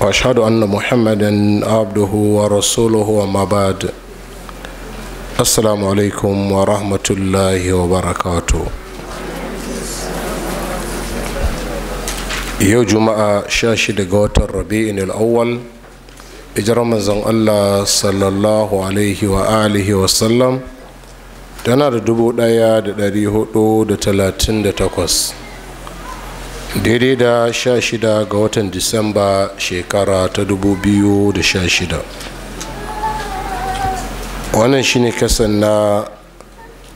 واشهد ان محمدا عبده ورسوله وما بعد السلام عليكم ورحمه الله وبركاته yau juma'a 16 ga watan rabi'in al'awwal ijirar manzon allah sallallahu alaihi wa alihi wasallam tana da takwas. daidai da sha shida ga watan disamba shekara ta dubu biyu da sha shida wannan shine kasan na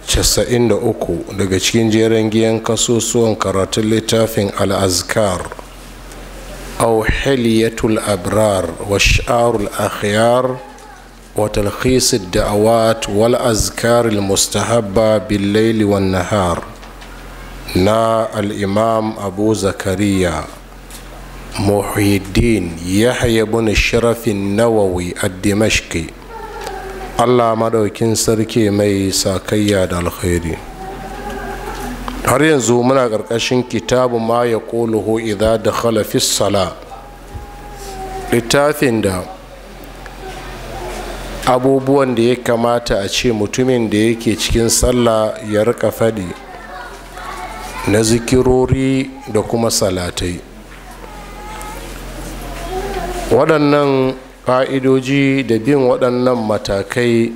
casa'in da uku daga cikin jeren giyan kasusuwan karatun littafin al'azkar auhiliyatul abrar wa sha'arul akhyar wa da da'awat wal azkaril mustahabba bil laili wan nahar na al'imam abu zakariya muhiddin yahya bin sharafin nawawi a dimashki allah madaukin sarki mai sakayya da alkhairi har yanzu muna ƙarƙashin kitabu ma ya ƙoluhu idha da khalafis sala littafin da abubuwan da ya kamata a ce mutumin da yake cikin sallah ya rika faɗi na zikirori da kuma salatai waɗannan ƙa'idoji da bin waɗannan matakai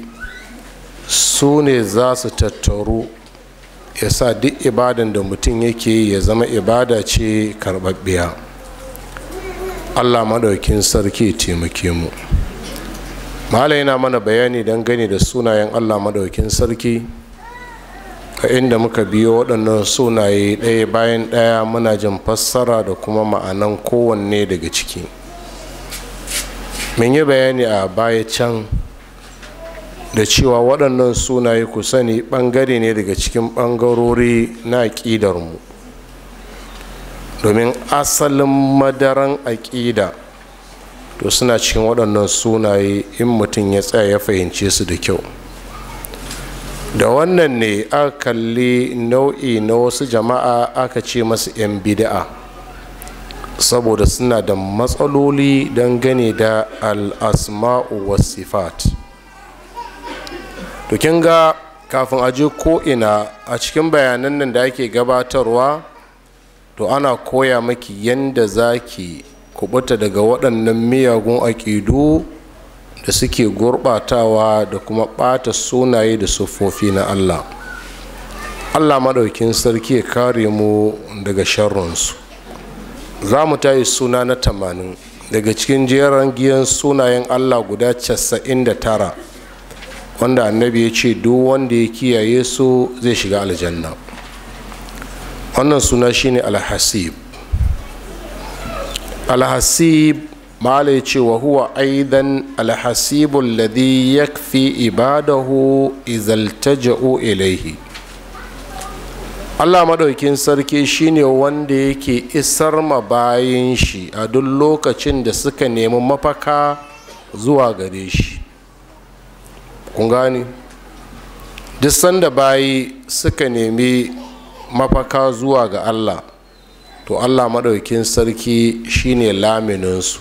su ne za su tattaru ya sa duk ibadan da mutum yake ya zama ibada ce karɓaɓɓiya allah maɗaukin sarki taimake mu mala yana mana bayani don gani da sunayen allah maɗaukin sarki a inda muka biyo waɗannan sunaye ɗaya bayan ɗaya muna jin fassara da kuma ma'anan kowanne daga ciki mun yi bayani a baya can da cewa waɗannan sunaye ku sani ɓangare ne daga cikin ɓangarori na aƙidarmu domin asalin madaran aƙida to suna cikin waɗannan sunaye in mutum ya tsaya ya fahimce su da kyau da wannan ne aka kalli nau'i na wasu jama'a aka ce masu 'yan bida'a saboda suna da matsaloli don dangane da al'asma'u wasifat to ga kafin je ko'ina a cikin bayanan nan da ake gabatarwa to ana koya maki yadda za ki kubuta daga waɗannan miyagun aƙidu da suke gurɓatawa da kuma ɓata sunaye da sufofi na allah allah madaukin sarki ya kare mu daga sharronsu za mu tayi suna na tamanin daga cikin jeran giyan sunayen allah guda casa'in da tara wanda annabi ya ce duk wanda ya kiyaye su zai shiga aljanna wannan suna shine alhasib alhasib malai ya ce wa huwa aidan alhasibul ladhi yakfi ibadahu izaltaja'u ilaihi Allah maɗaukin sarki shine wanda yake isar ma bayan shi a duk lokacin da suka nemi mafaka zuwa gare shi kun gani duk sanda bayi suka nemi mafaka zuwa ga Allah to Allah maɗaukin sarki shine lamininsu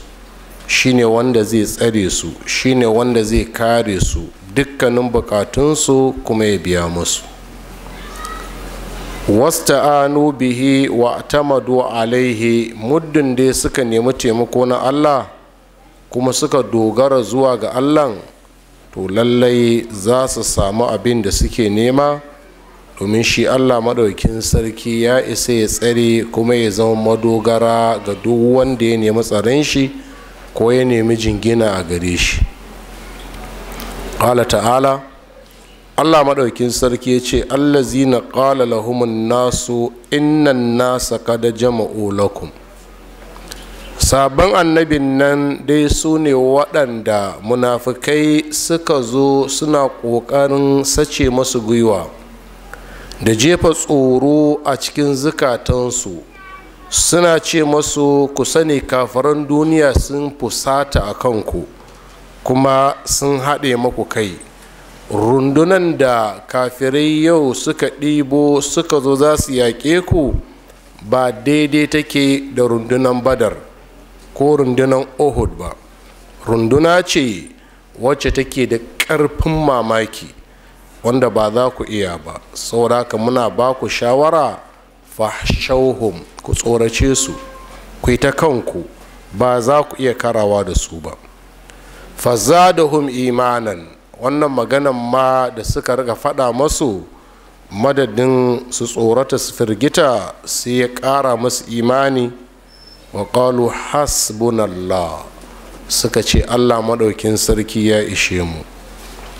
shine wanda zai tsare su shine wanda zai kare su dukkanin bukatunsu kuma ya biya musu wasta'anu bihi wa tamadu alaihi muddin dai suka nemi taimako na allah kuma suka dogara zuwa ga allah to lallai za su samu abin da suke nema domin shi allah maɗaukin sarki ya isa ya tsare kuma ya zama madogara ga duk wanda ya nemi tsaron shi ko ya nemi jingina a gare shi ƙala ta'ala allah maɗaukin sarki ya ce zina ƙala lahumun nasu innan nasa kada jama'u lakum sabon annabin nan dai su ne waɗanda munafukai suka zo suna ƙoƙarin sace masu gwiwa da jefa tsoro a cikin zukatansu suna ce masu ku sani kafaran duniya sun fusata a kanku kuma sun haɗe maku kai rundunan da kafirai yau suka ɗibo suka zo za su yaƙe ku ba daidai take da rundunan badar ko rundunan ohud ba runduna ce wacce take da ƙarfin mamaki wanda ba za ku iya ba sauraka muna ba ku shawara fahshauhum ku tsorace su ku yi ta kanku ba za ku iya karawa da su ba Fazza da hum imanan wannan maganan ma da suka riga faɗa masu madadin su tsorata su firgita sai ya ƙara masu imani wa ƙalu hasbunallah suka ce allah maɗaukin sarki ya ishe mu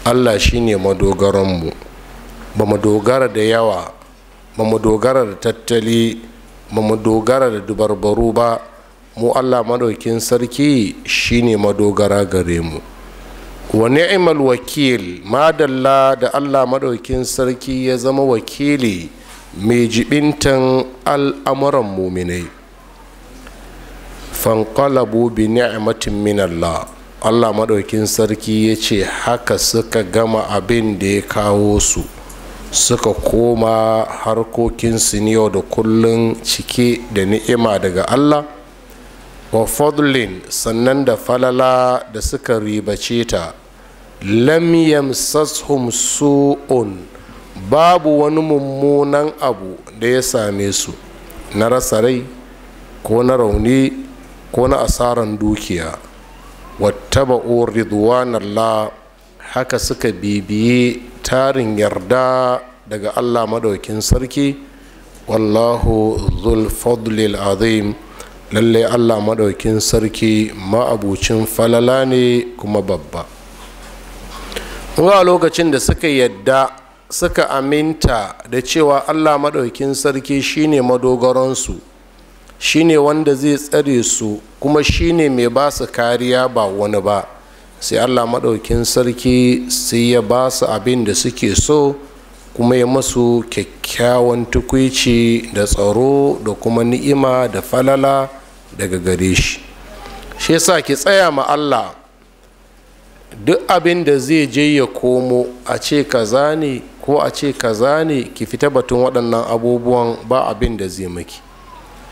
allah shine madogaranmu ba mu dogara da yawa ba mu dogara da tattali ba mu dogara da dubarbaru ba mu allah maɗaukin sarki shine madogara gare mu wa ni'mal wakil madalla da allah maɗaukin sarki ya zama wakili mai jibintan al'amuran muminai fanqalabu bi ni'matin min allah allah maɗaukin sarki ya ce haka suka gama abin da ya kawo su suka koma harkokin ne da kullum cike da ni'ima daga allah wa fadlin sannan da falala da suka ribace ta lam yamsashum su'un babu wani mummunan abu da ya same su na rasa rai ko na rauni ko na asaran dukiya wattaba'u ridwanallah haka suka bibiye tarin yarda daga allah maɗaukin sarki wallahu zul fadlil azim lallai allah maɗaukin sarki ma'abucin falala ne kuma babba a lokacin da suka yadda suka aminta da cewa allah maɗaukin sarki shine madogaransu shine wanda zai tsare su kuma shine mai ba su kariya ba wani ba sai allah maɗaukin sarki sai ya ba su abin da suke so kuma ya masu kyakkyawan tukwici da tsaro da kuma ni'ima da falala daga gare shi shi yasa ki tsaya ma allah duk abin da zai je ya komo a ce kaza ne ko a ce kaza ne ki fita batun waɗannan abubuwan ba abin da zai maki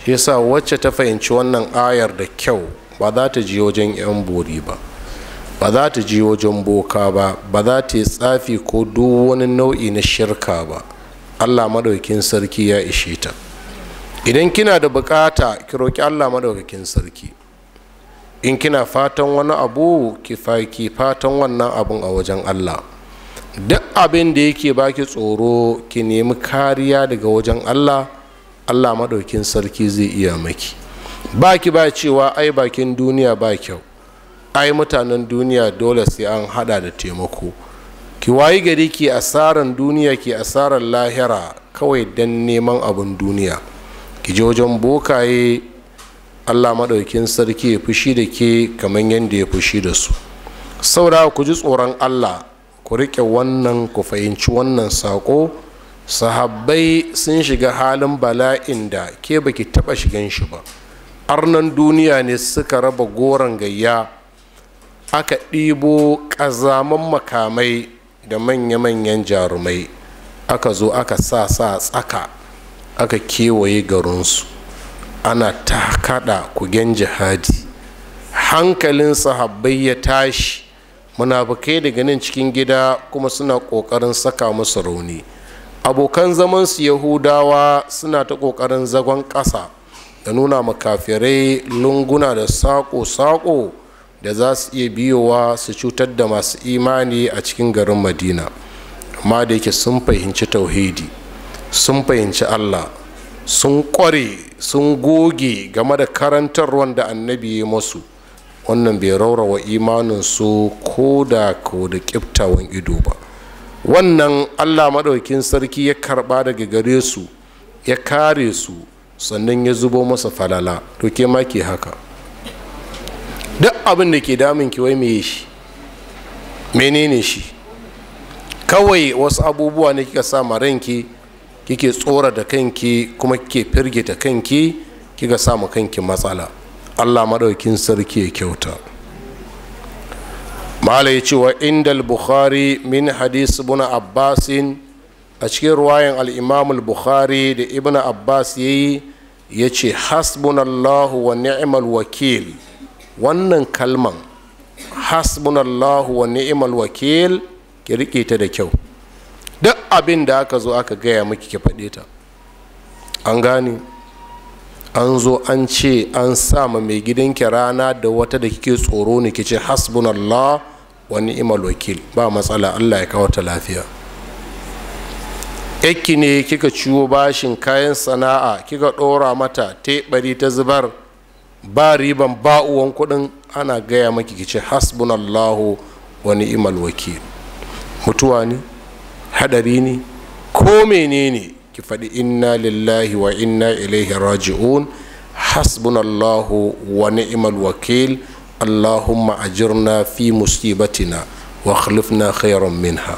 shi yasa wacce ta fahimci wannan ayar da kyau ba za ta je wajen 'yan bori ba ba za ta je wajen boka ba ba za ta yi tsafi ko duk wani nau'i na shirka ba allah maɗaukin sarki ya ishe ta idan kina da bukata ki roƙi allah maɗaukakin sarki in kina fatan wani abu ki faki fatan wannan abun a wajen allah duk abin da yake baki tsoro ki nemi kariya daga wajen allah allah maɗaukin sarki zai iya maki baki ba cewa ai bakin duniya ba kyau ai mutanen duniya dole sai an hada da taimako ki wayi gari ke asaran duniya ke asaran lahira kawai don neman abin duniya ki je wajen bokaye allah maɗaukin sarki ya fushi da ke kamar yadda ya fushi da su saura ku ji tsoron allah ku riƙe wannan ku fahimci wannan saƙo sahabbai sun shiga halin bala'in da ke baki taɓa shigan shi ba arnan duniya ne suka raba goron gayya aka ɗibo ƙazaman makamai da manya-manyan jarumai aka zo aka sa sa tsaka aka kewaye garinsu ana ta kada kugen jihadi hankalin sahabbai ya tashi munafukai daga nan cikin gida kuma suna ƙoƙarin saka musu rauni abokan zamansu yahudawa suna ta ƙoƙarin zagon ƙasa da nuna makafirai lunguna da saƙo-saƙo da za su iya biyowa su cutar da masu imani a cikin garin madina amma da yake sun fahimci tauhidi sun fahimci allah sun kware sun goge game da karantar da annabi ya masu wannan bai raurawa imaninsu ko da ko da ƙiftawan ido ba wannan allah maɗaukin sarki ya karɓa daga gare su ya kare su sannan ya zubo masa falala to ke ma ke haka abin da ke damun ki wai meye shi menene shi kawai wasu abubuwa ne kika sa ma ranki kike tsora da kanki kuma kike firgita kanki kika sa ma kanki matsala allah madaukin sarki ya kyauta mala ya ce wa indal bukhari min hadis buna abbasin a cikin ruwayan al'imamul bukhari da ibn abbas ya yi ya ce hasbunallahu wa ni'mal wakil wannan kalman hasbunallahu wa ni'mal wakil ki rike ta da kyau duk abin da aka zo aka gaya miki ki faɗe ta an gane an zo an ce an sa ma mai gidanki rana da wata da kike tsoro ne kice hasbunallah wa ni'mal wakil ba matsala Allah ya kawo ta lafiya yakki ne kika ciwo bashin kayan sana'a kika ɗora mata teɓari ta zubar ba riban ba uwan kuɗin ana gaya maki ki ce hasbunallahu wa ni'mal wakil mutuwa ne hadari ne ko menene ki faɗi inna lillahi wa inna ilaihi raji'un hasbunallahu wa ni'mal wakil allahumma ajirna fi musibatina wa khlifna khairan minha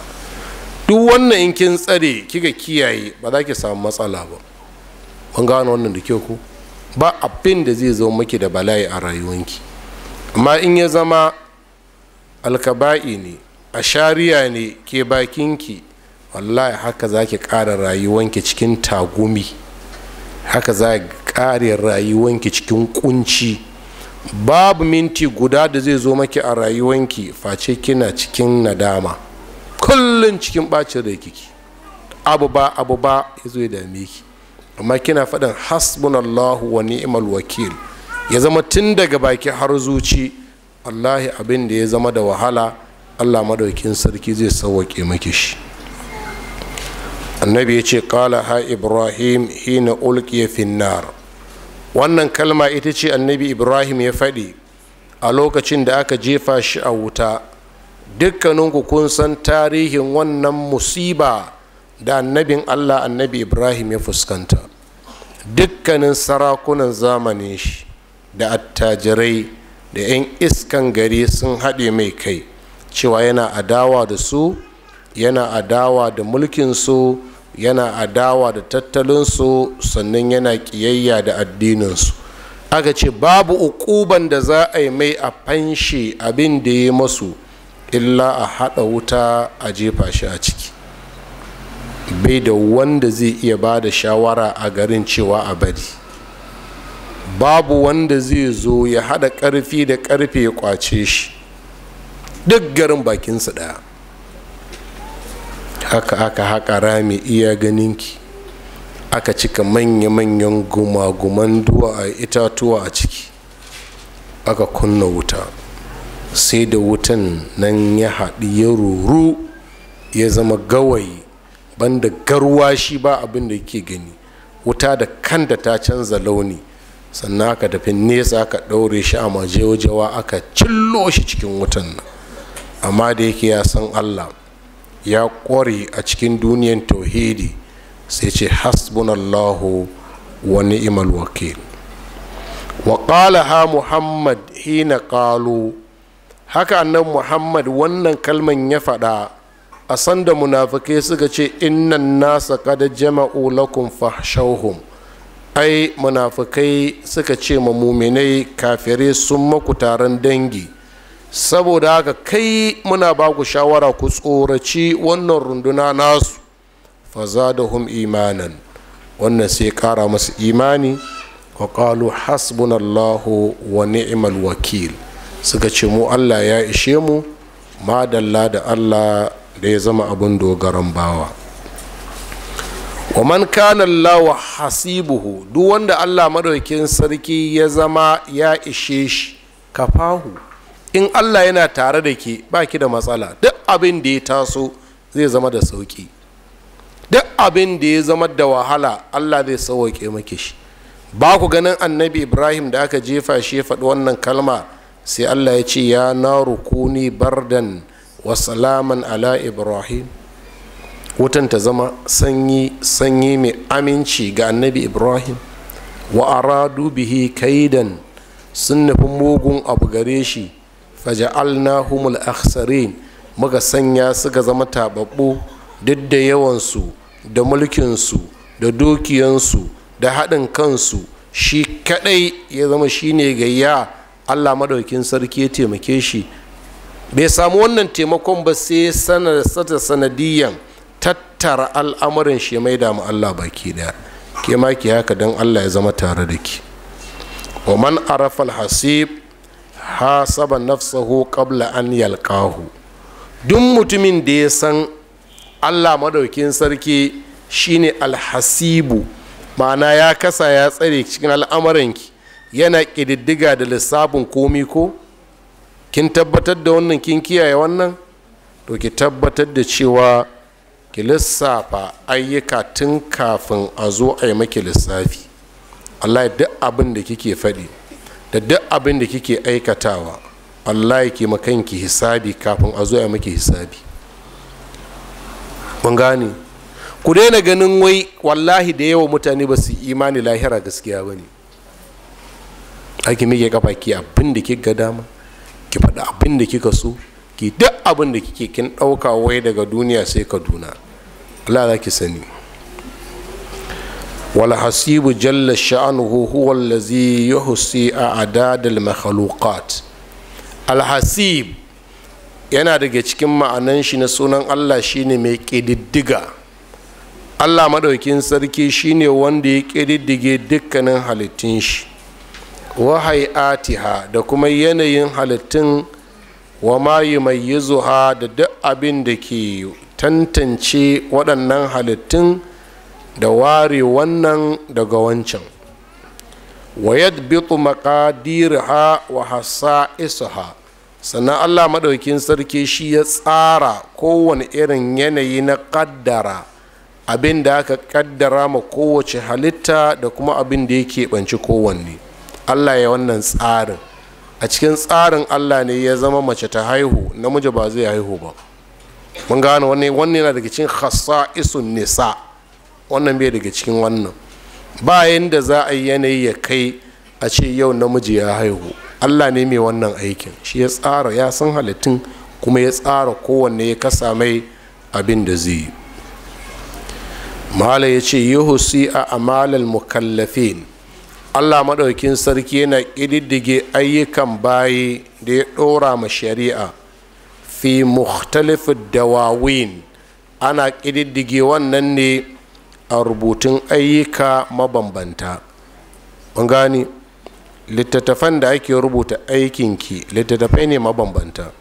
duk wannan in kin tsare kika kiyaye ba za ki samu matsala ba mun gano wannan da kyau ko ba abin da zai zo maki da bala'i a rayuwanki amma in ya zama alkaba'i ne a shari'a ne ke bakinki wallahi haka za ki ƙara rayuwanki cikin tagumi haka za ki ƙare rayuwanki cikin kunci babu minti guda da zai zo maki a rayuwanki face kina cikin nadama kullum cikin bacin da kiki abu ba abu ba ya zo ya dame ki amma kina faɗin hasbunallahu wa ni'mal wakil ya zama tun daga baki har zuci wallahi abin da ya zama da wahala allah madaukin sarki zai sauwaƙe maki shi annabi ya ce kala ha ibrahim hina ulkiya finnar wannan kalma ita ce annabi ibrahim ya faɗi a lokacin da aka jefa shi a wuta dukkaninku kun san tarihin wannan musiba da annabin allah annabi ibrahim ya fuskanta dukkanin sarakunan zamanin shi da attajirai da 'yan iskan gari sun haɗe mai kai cewa yana adawa da su yana adawa da mulkinsu yana adawa da tattalinsu sannan yana ƙiyayya da addininsu aka ce babu ukuban da za a yi mai a fanshe abin da ya yi masu illa a haɗa wuta a jefa shi a ciki bai da wanda zai iya ba da shawara a garin cewa a bari babu wanda zai zo ya hada karfi da karfe ya kwace shi duk garin bakinsu ɗaya haka aka haƙa rami iya ganinki aka cika manya-manyan gumaguman duwa a itatuwa a ciki aka kunna wuta sai da wutan nan ya haɗu ya ruru ya zama gawayi banda shi ba abin da yake gani wuta da kanda ta canza launi sannan aka tafi nesa aka ɗaure shi a majejawa aka cillo shi cikin wutan nan amma da yake ya san allah ya ƙware a cikin duniyan tauhidi sai ce hasbunallahu wani ni'mal wakil wa ha muhammad hina qalu haka nan muhammad wannan kalman ya faɗa a sanda munafikai suka ce innan nasa kada jama'u lakum fahshauhum ai munafukai suka ce ma muminai kafirai sun maku taron dangi saboda haka kai muna ba ku shawara ku tsoraci wannan runduna nasu fa fazadahum imanin wannan sai kara masu imani wa qalu hasbunallahu wa ni'mal wakil suka ce mu Allah ya ishe mu madalla da Allah da ya zama abin dogaran bawa wa man lawa hasibuhu duk wanda allah madaukin sarki ya zama ya ishe shi kafahu in allah yana tare da ke baki da matsala duk abin da ya taso zai zama da sauki duk abin da ya zama da wahala allah zai sauke maki shi ba ku ganin annabi ibrahim da aka jefa shi faɗi wannan kalma sai allah ya ce ya na rukuni bardan wa salaman ala ibrahim wutan ta zama sanyi sanyi mai aminci ga annabi ibrahim wa aradu bihi kaidan sun nufi mugun abu gare shi humul akhsarin muka sanya suka zama tababbu duk da yawansu da mulkinsu da dukiyansu da haɗin kansu shi kaɗai ya zama shine gayya allah maɗaukin sarki ya taimake shi bai samu wannan taimakon ba sai sanadiyyan sanadiyan tattara al'amarin shi mai damu allah baki daya ke ma ki haka don allah ya zama tare da ki wa man arafal hasib hasaba nafsahu qabla an yalqahu duk mutumin da ya san allah madaukin sarki shine alhasibu ma'ana ya kasa ya tsare cikin ki yana ƙididdiga da lissafin komai ko kin tabbatar da wannan kin kiyaye wannan to ki tabbatar da cewa ki lissafa ayyuka tun kafin a zo a yi maki lissafi allah duk abin da kike faɗi da duk abin da kike aikatawa allah ki hisabi kafin a zo a yi maki hisabi mun gane ku daina ganin wai wallahi da yawa mutane ba su imani lahira gaskiya ba ne ake mike kafa ki abin da ke ga dama ki faɗi abin da kika so ki duk abin da kike kin ɗauka wai daga duniya sai kaduna Allah za ki sani wal hasibu jalla sha'anuhu huwa allazi yuhsi a'dad al makhluqat al hasib yana daga cikin ma'anan shi na sunan Allah shine mai kididdiga Allah madaukin sarki shine wanda ya kididdige dukkanin halittun shi wa hai'atiha da kuma yanayin halittun wa ma ha da duk abin da ke tantance waɗannan halittun da ware wannan daga wancan wa yadbitu maqadirha wa hasa'isaha sannan Allah maɗaukin sarki shi ya tsara kowane irin yanayi na ƙaddara abin da aka ƙaddara ma kowace halitta da kuma abin da yake banci kowanne allah ya wannan tsarin a cikin tsarin allah ne ya zama mace ta haihu namiji ba zai haihu ba mun gane wannan wannan yana daga cikin khasa'isun nisa wannan bai daga cikin wannan ba yanda za a yi yanayi ya kai a ce yau namiji ya haihu allah ne mai wannan aikin shi ya tsara ya san halittun kuma ya tsara kowanne ya kasa mai abin da zai yi mala ya ce yi husi a amalal mukallafin allah maɗaukin sarki yana ƙididdige ayyukan bayi da ya ɗora ma shari'a fi mukhtalifin dawawin ana ƙididdige wannan ne a rubutun ayyuka mabambanta mun gani littattafan da ake rubuta aikinki littattafai ne mabambanta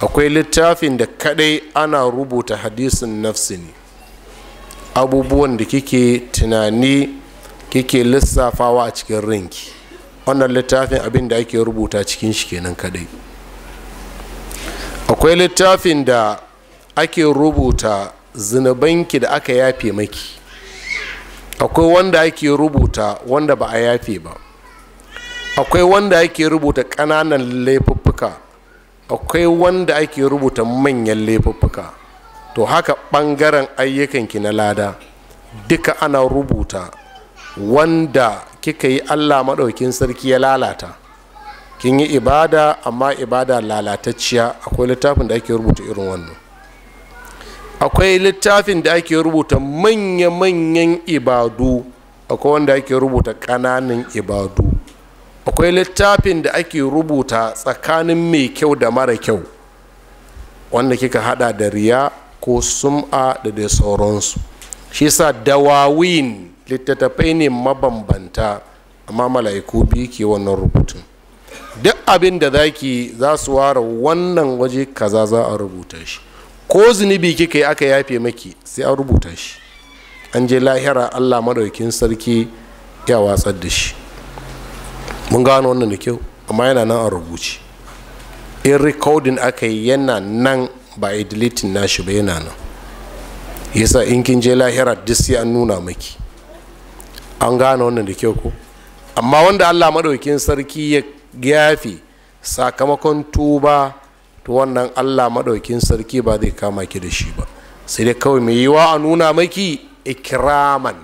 akwai littafin da kadai ana rubuta hadisin nafsi abubuwan da kike tunani kike lissafawa a cikin rinki wannan littafin abin da ake rubuta cikin shi kenan kadai akwai littafin da ake rubuta zinubanki da aka yafe maki akwai wanda ake rubuta wanda ba a yafe ba akwai wanda ake rubuta ƙananan laifuffuka akwai wanda ake rubuta manyan laifuffuka to haka ɓangaren ayyukanki na lada duka ana rubuta wanda kika yi allah maɗaukin sarki ya lalata kin yi ibada amma ibada lalatacciya akwai littafin da ake rubuta irin wannan akwai littafin da ake rubuta manya-manyan ibadu akwai wanda ake rubuta ƙananan ibadu akwai littafin da ake rubuta tsakanin mai kyau da mara kyau wanda kika hada da riya ko sum'a da dai sauransu shi sa dawawin littattafai ne mabambanta amma mala'iku biyu ke wannan rubutun duk abin da za ki za su ware wannan waje kaza za a rubuta shi ko zunubi kika yi aka yafe maki sai an rubuta shi an je lahira allah madaukin sarki ya watsar da shi mun gano wannan da kyau amma yana nan a rubuce in recording aka yi yana nan ba a deleting nashi ba yana nan yasa in kin je lahira duk sai an nuna maki an gane wannan da kyau ko amma wanda allah maɗaukin sarki ya yafi sakamakon tuba to wannan allah maɗaukin sarki ba zai kama ki da shi ba sai dai kawai mai yiwa a nuna maki ikiraman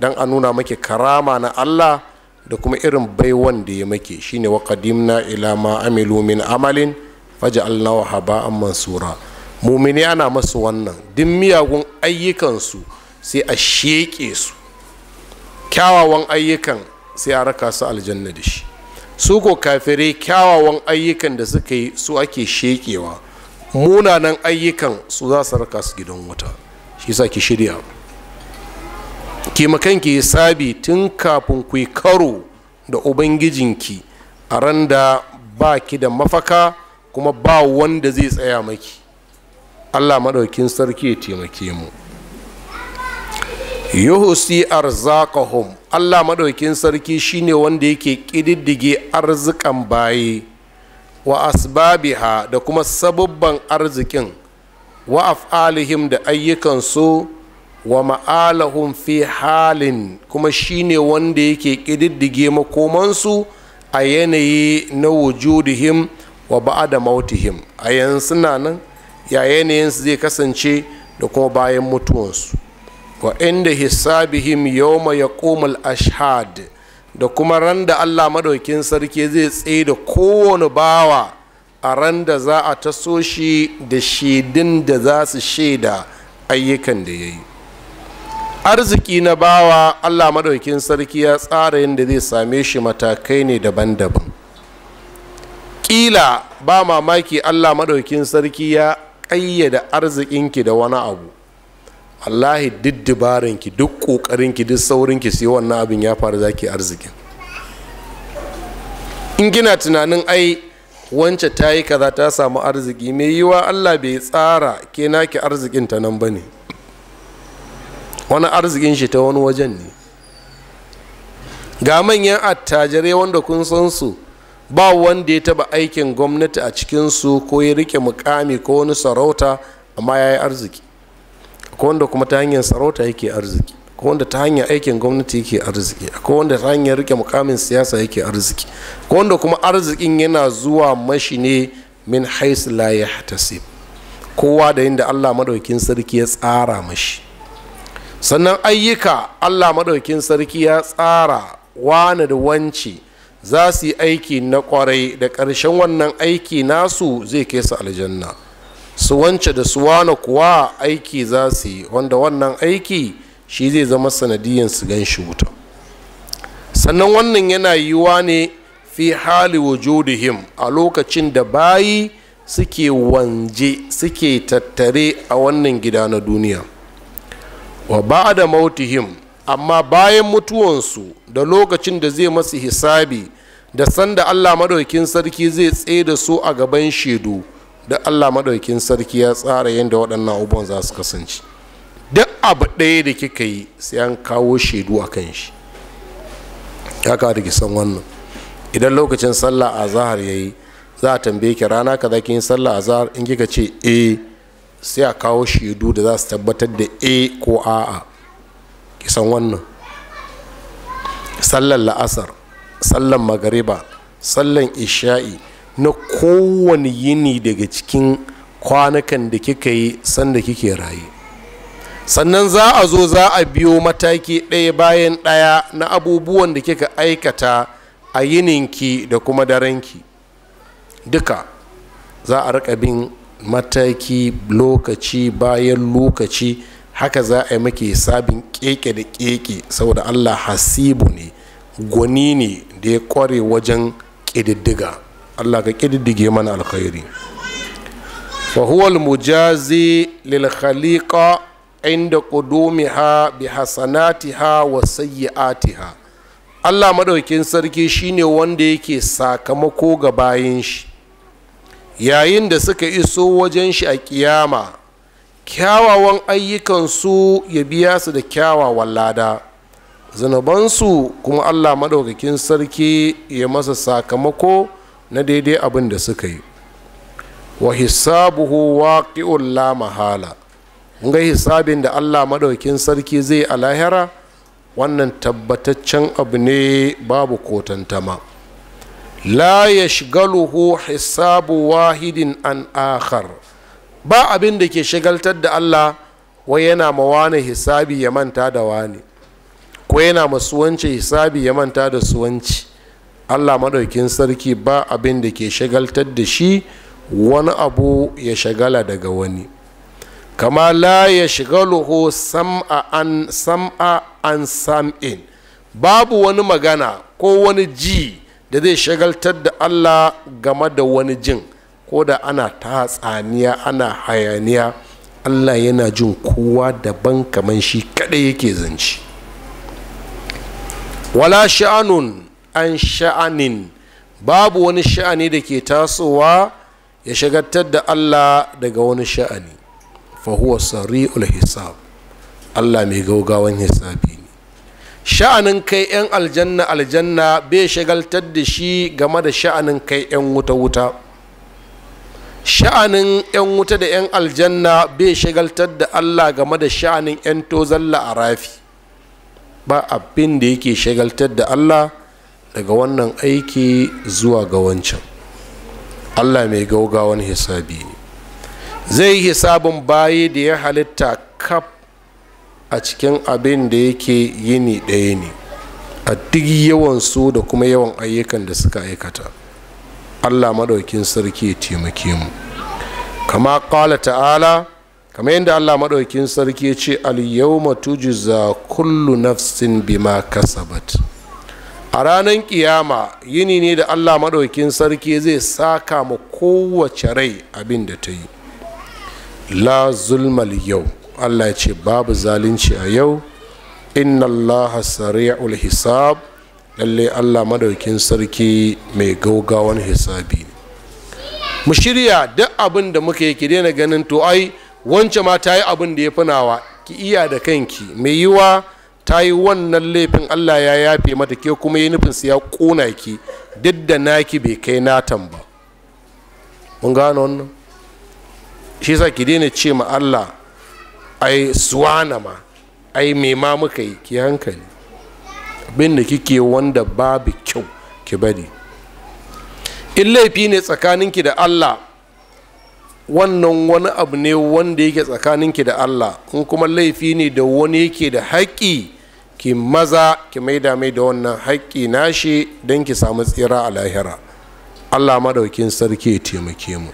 don a nuna maki karama na allah da kuma irin baiwan da ya make shine wa qadimna ila ma amilu min amalin haba haba'an mansura mumini ana masu wannan duk miyagun ayyukansu sai a sheke su kyawawan ayyukan sai a raka su aljanna da shi su ko kafire kyawawan ayyukan da suka yi su ake shekewa munanan ayyukan su za su raka su gidan wuta shi sa ki shirya ki yi sabi tun kafin ku karo da ubangijinki a ran da ba ki da mafaka kuma ba wanda zai tsaya maki allah maɗaukin sarki ya taimake mu yuhusi arzakahum Allah maɗaukin sarki shine wanda yake ƙididdige arzikan bayi wa asbabiha da kuma sabubban arzikin wa af'alihim da ayyukansu wa ma'alahum fi halin kuma shine wanda yake ƙididdige makomansu a yanayi na wujudihim wa ba'ada mautihim a yanzu nan ya yanayinsu zai kasance da kuma bayan mutuwansu wa inda hisabihim yawma yaqumul ashhad da kuma ran da Allah madaukin sarki zai tsaye da kowane bawa a ran da za a taso shi da shaidin da za su shaida ayyukan da yayi yi arziki na bawa Allah madaukin sarki ya tsara yadda zai same shi matakai ne daban-daban ƙila ba mamaki Allah madaukin sarki ya ƙayyada arzikinki da wani abu wallahi duk ki duk ƙoƙarinki duk saurinki sai wannan abin ya faru zaki arzikin in gina tunanin ai wance ta yi kaza ta samu arziki mai yiwa allah bai tsara ke naki arzikin ta nan bane wani arzikin shi ta wani wajen ne ga manyan attajirai wanda kun san su ba wanda ya taba aikin gwamnati a cikin su ko ya rike mukami ko wani sarauta amma ya yi arziki ko wanda kuma ta hanyar sarauta yake arziki ko wanda ta hanyar aikin gwamnati yake arziki ko wanda ta hanyar rike mukamin siyasa yake arziki ko wanda kuma arzikin yana zuwa mashi ne min hais la yahtasib kowa da yadda Allah madaukin sarki ya tsara mashi sannan ayyuka Allah madaukin sarki ya tsara wani da wanci za su yi aiki na kwarai da ƙarshen wannan aiki nasu zai kai su aljanna su wance da su wane kuwa aiki za su yi wanda wannan aiki shi zai zama sanadiyan su gan shi wuta sannan wannan yana yiwuwa ne fi hali wujudihim a lokacin da bayi suke wanje suke tattare a wannan gida na duniya wa ba da mautihim amma bayan mutuwansu da lokacin da zai masu hisabi da sanda allah maɗaukin sarki zai tsaye da su a gaban shaidu da allah maɗaukin sarki ya tsara yadda waɗannan abubuwan za su kasance duk abu ɗaya da kika yi sai an kawo shaidu a kan shi ya kawo da san wannan idan lokacin sallah a zahar ya yi za a tambaye ki rana za ki yi sallah a zahar in kika ce e sai a kawo shaidu da za su tabbatar da e ko a'a ki san wannan sallar la'asar sallar magariba sallar isha'i na kowane yini daga cikin kwanakan da kika yi sanda kike raye sannan za a zo za a biyo mataki ɗaya bayan ɗaya na abubuwan da kika aikata a yininki da kuma darenki duka za a raka bin mataki lokaci bayan lokaci haka za a yi maki sabin keke da keke saboda allah hasibu ne gwani ne da ya kware wajen ƙididdiga Allah ka ƙididdige mana alkhairi fa huwa mujazi lilkhaliqa inda qudumiha bi hasanatiha wa sayyi'atiha Allah madaukin sarki shine wanda yake sakamako ga bayan shi yayin da suka iso wajen shi a kiyama kyawawan ayyukansu ya biya su da kyawawan lada zanabansu kuma allah maɗaukakin sarki ya masa sakamako na daidai abin da suka yi wa hisabuhu waqi'un la mahala ga hisabin da Allah madaukin sarki zai a lahira wannan tabbataccen abu ne babu kotantama la yashgaluhu hisabu wahidin an akhar ba abin da ke shigaltar da Allah wai yana ma wani hisabi ya manta da wani ko yana masuwanci hisabi ya manta da suwanci allah maɗaukin sarki ba abin da ke shagaltar da shi wani abu ya shagala daga wani kama la ya shigaluhu sam'a an sam'a an sam'in babu wani magana ko wani ji da zai shagaltar da allah game da wani jin ko da ana ta tsaniya ana hayaniya allah yana jin kowa daban kamar shi kaɗai yake zance wala sha'anun an sha'anin babu wani sha'ani da ke tasowa ya shagatar da Allah daga wani sha'ani fahuwa sari'ul hisab Allah mai gaugawan hisabi ne sha'anin kai 'yan aljanna aljanna bai shagaltar da shi game da sha'anin kai 'yan wuta-wuta sha'anin 'yan wuta da 'yan aljanna bai shagaltar da Allah game da sha'anin 'yan tozalla a rafi ba abin da yake shagaltar da Allah daga wannan aiki zuwa ga wancan allah mai gaugawan hisabi ne zai yi hisabin bayi da ya halitta kaf a cikin abin da yake yini ɗaya ne a duk yawansu da kuma yawan ayyukan da suka aikata allah maɗaukin sarki ya taimake mu kama ƙala ta'ala kamar yadda allah maɗaukin sarki ya ce al yawma za kullu nafsin bima kasabat a ranar kiyama yini ne da allah maɗaukin sarki zai saka mu kowace rai abin da ta yi la zulmal yau allah ce babu zalunci a yau inna allah sari'ul hisab lalle allah maɗaukin sarki mai gaugawan hisabi mu shirya duk abin da muka yi ki daina ganin to ai wance ma ta yi abin da ya fi nawa ki iya da kanki mai yiwa ta yi wannan laifin allah ya yafe mata ke kuma yi nufinsu ya ƙuna ki duk da naki bai kai natan ba mun gano wannan shi sa ki daina ce ma allah ai suwana ma ai me ma muka yi ki hankali abin da kike wanda babu kyau ki bari in laifi ne tsakaninki da allah wannan wani abu ne wanda yake tsakaninki da allah in kuma laifi ne da wani yake da haƙƙi ki maza ki maida mai da wannan haƙƙi nashi don ki samu tsira a lahira allah madaukin sarki ya taimake mu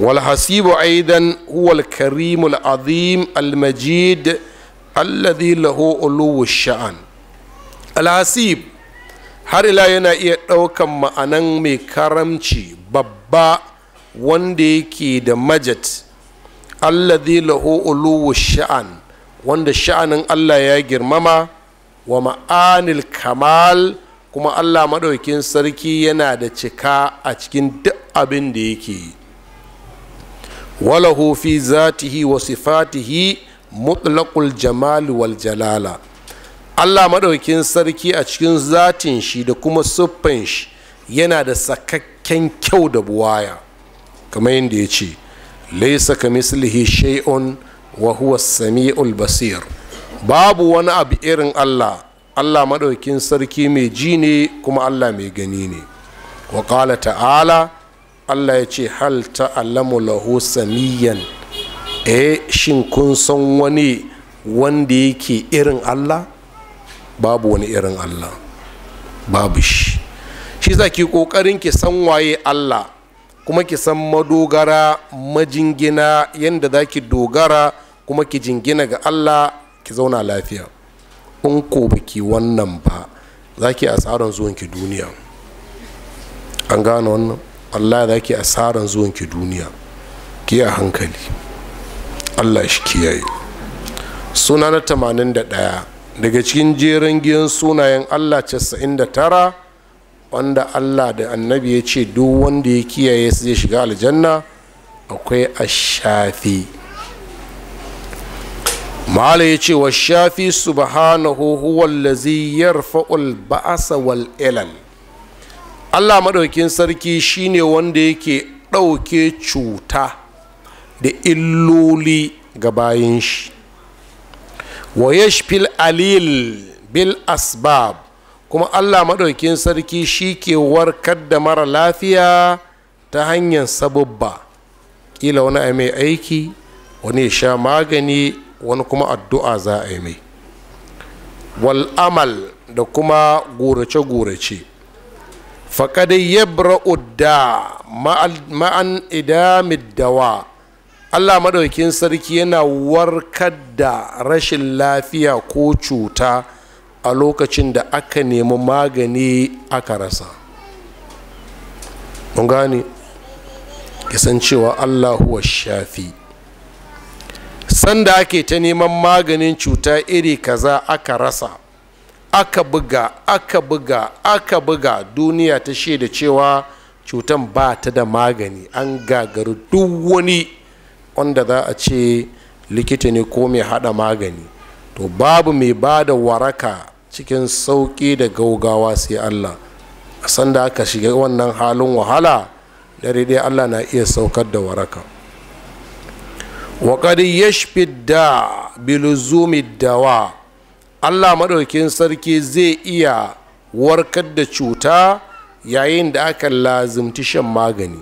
Walhasibu Aidan uwal karimul azim almajid الذي له علو sha'an har ila yana iya ɗaukan ma'anan mai karamci babba wanda yake da majat allazi lahu sha'an wanda sha'anin allah ya girmama wa ma'anil kamal kuma allah maɗaukin sarki yana da cika a cikin duk abin da yake yi walahu fi zatihi wa sifatihi mutlaqul jamal wal jalala allah maɗaukin sarki a cikin zatin shi da kuma siffan shi yana da sakakken kyau da buwaya kamar yadda ya ce laisa ka mislihi shay'un wa huwa sami'ul basir babu wani abu irin Allah Allah madaukin sarki mai ji ne kuma Allah mai gani ne wa qala ta'ala Allah ya ce hal ta'allamu lahu samiyan eh shin kun san wani wanda yake irin Allah babu wani irin Allah babu shi shi za ki ƙoƙarin ki san waye Allah kuma ki san madogara majingina yadda za ki dogara kuma ki jingina ga allah ki zauna lafiya in ko baki wannan ba za ki asaran zuwanki duniya an gane wannan allah za ki asaran zuwanki duniya ki a hankali allah shi kiyaye suna na tamanin da ɗaya daga cikin jerin giyan sunayen allah tara wanda allah da annabi ya ce duk wanda ya kiyaye su zai shiga aljanna akwai ashafi mala ya ce wa shafi subhanahu huwa allazi yarfa'ul ba'asa wal ilal Allah maɗaukin sarki shine wanda yake ɗauke cuta da illoli ga bayan shi wa yashfil alil bil asbab kuma Allah maɗaukin sarki shi ke warkar da mara lafiya ta hanyar sabubba kila wani a mai aiki wani ya sha magani wani kuma addu'a za a yi mai wal'amal da kuma gurace-gurace faƙaɗe yabra udda ma'an idamid dawa allah maɗaukin sarki yana warkar da rashin lafiya ko cuta a lokacin da aka nemi magani aka rasa mun gane kisan cewa allah huwa shafi sanda ake ta neman maganin cuta iri kaza aka rasa aka buga aka buga aka buga duniya ta shaida cewa cutan ba ta da magani an gagaru duk wani wanda za a ce likita ne ko mai hada magani to babu mai ba da waraka cikin sauƙi da gaugawa sai allah sanda aka shiga wannan halin wahala dare dai allah na iya saukar da waraka waƙar yashfidda da dawa allah maɗaukin sarki zai iya warkar da cuta yayin da aka lazimci shan magani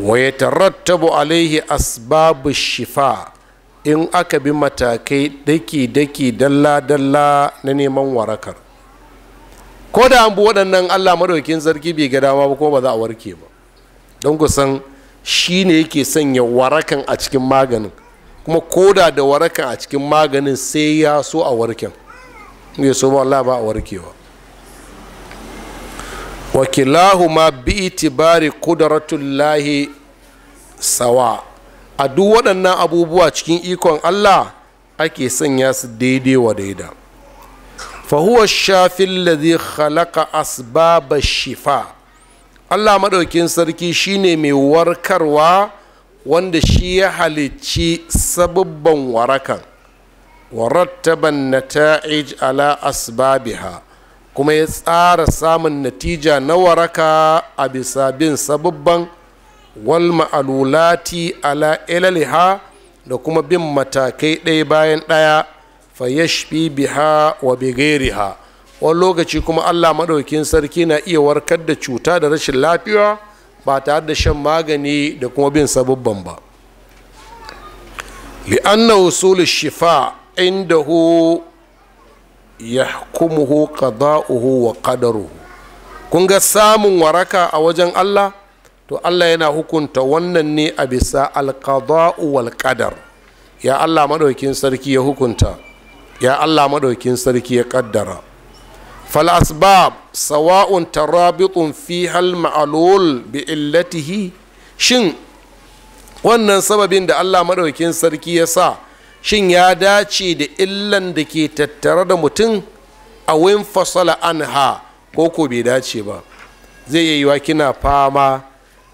wa ya tarattabu alaihi asbabu shifa in aka bi matakai daki-daki dalla-dalla na neman warakar ko da an bi waɗannan allah maɗaukin sarki bai ga dama ba ko ba za a warke ba don kusan shi ne yake sanya warakan a cikin maganin kuma koda da warakan a cikin maganin sai ya so a warken ya so ba Allah ba a warkewa wakilahu ma bi itibari kudratullahi sawa a duk waɗannan abubuwa cikin ikon Allah ake sanya su daidai wa daida huwa shafin zai khalaqa asbaba shifa allah maɗaukin sarki shine mai warkarwa wanda shi ya halicci sabubban warakan warattaban nata'ij ala asbabiha kuma ya tsara samun natija na waraka a bisa bin sabubban wal ma'alulati ala ilaliha da kuma bin matakai ɗaya bayan ɗaya fa biha wa bigairiha wani lokaci kuma allah maɗaukin sarki na iya warkar da cuta da rashin lafiya ba tare da shan magani da kuma bin sabubban ba li'anna usul shifa inda hu ya yahkumuhu qada'uhu wa qadaruhu kun ga samun waraka a wajen allah to allah yana hukunta wannan ne a bisa alqada'u wal qadar ya allah maɗaukin sarki ya hukunta ya allah maɗaukin sarki ya ƙaddara فالأسباب سواء ترابط فيها المعلول illatihi shin wannan sababin da Allah maɗaukin sarki ya sa shin ya dace da illan da ke tattare da mutum a wayin fasala anha ko ko bai dace ba zai yi wa kina fama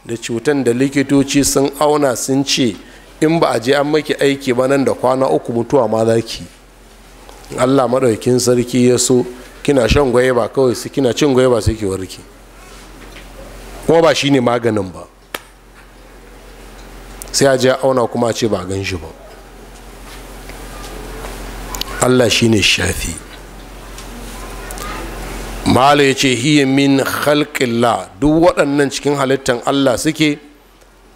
da cutan da likitoci sun auna sun ce in ba a je an maki aiki ba nan da kwana uku mutuwa ma za ki Allah maɗaukin sarki ya so kina shan gwaiba kawai su kina cin gwaiba su ki warke kuma ba shi ne maganin ba sai a ja auna kuma ce ba gan shi ba allah shi ne shafi mala ya ce hiya min khalqillah duk waɗannan cikin halittan allah suke